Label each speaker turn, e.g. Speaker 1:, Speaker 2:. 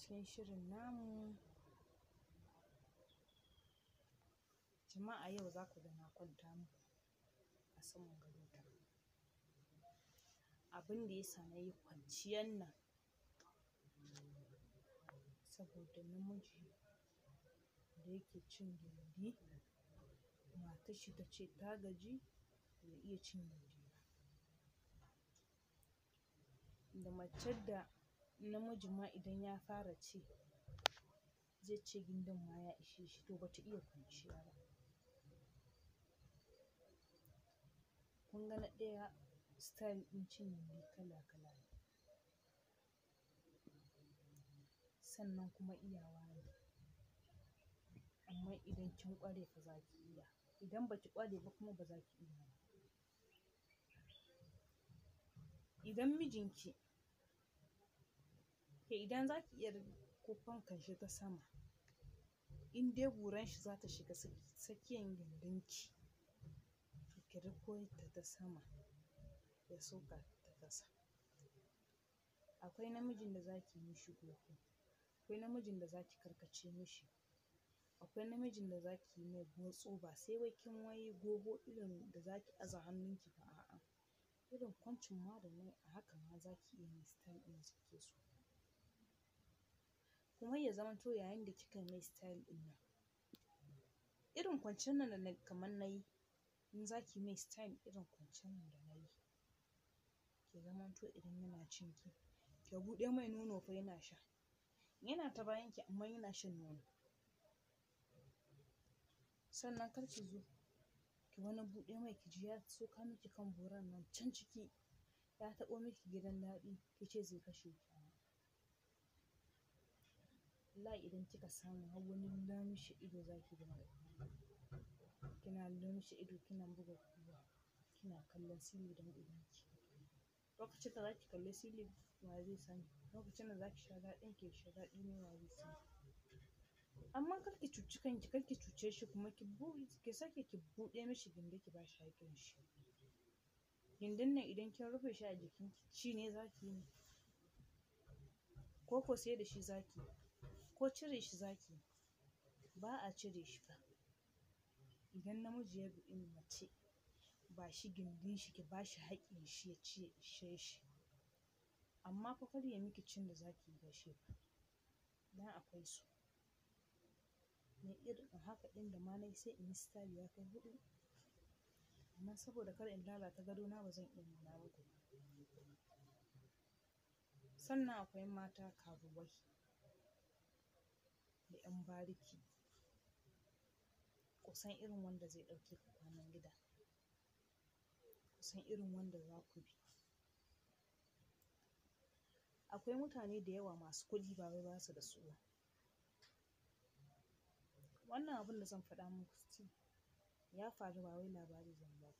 Speaker 1: cikin shirin namu jama'a yau za ku ga na kwanta muku a saman gado abin da ya sa ya yi kwanciyan nan saboda namiji da yake cin gindi matar shi ta ce ta gaji ya iya cin gindi ba da macen da namijin ma idan ya fara ci zai ce gindin ma ya ishe shi to bata iya kwanciya ba kun ga na ɗaya style ɗin cinyoyi kala kala ne sannan kuma iyawa ne amma idan kin ƙware fa ki iya idan baki ƙware ba kuma ba za ki iya ba idan mijinki ke idan za ki iya ko fankan ta sama in dai guran shi za ta shiga tsakiyan gindin ki to ki riko ta ta sama ya sauka ta ƙasa akwai namijin da za ki yi mishi goho akwai namijin da za ki karkace mishi akwai namijin da za ki yi mai gutsu ba sai wai kin wai goho irin da za ki aza ki ba a'a irin kwancin ma da nan a haka ma za ki iya yi style ɗin da kike so kuma ya zamanto yayin da kika mai style ɗin nan irin kwanciyar nan da kamar nayi in zaki mai style irin kwanciyar nan da nayi ki zamanto idan yana cin ki ki buɗe mai nono fa yana sha yana ta bayan ki amma yana shan nono sannan kar ki zo ki wani buɗe mai ki ji ya soka miki kan goran nan can ciki ya taɓo miki gidan daɗi ki ce zai kashe ki wallahi idan kika samu har wani lamshi ido za ki dinga kina lamshi ido kina buga kuwa kina kallon sili don ubanki lokacin da ki kalli sili wa zai sani lokacin da ki sha daɗin ki sha daɗi ne wa zai sani amma kar ki cuci kanki kar ki cuce shi kuma ki ki sake ki buɗe mishi gindi ki ba shi haƙƙin shi gindin nan idan kin rufe shi a jikinki ci ne za ki yi ko ko sai da shi ki yi ko cire shi zaki ki yi ba a cire shi ba, Idan namiji ya ina mace ba shi gindin shi ki ba shi haƙƙin shi ya ci ya ishe shi. Amma fa kar ya miki cin da za ki yi bashe ba, Dan akwai su. Ni irin haka ɗin da ma na sai in yi style ya huɗu. Amma saboda kar in lalata gado na ba zan iya nuna muku ba. Sannan akwai mata karuwai. da 'yan bariki kusan irin wanda zai ɗauke ku kwanan gida kusan irin wanda za ku bi akwai mutane da yawa masu kuɗi ba wai ba su da su wannan abin da zan faɗa muku ya faru ba wai labari zan ba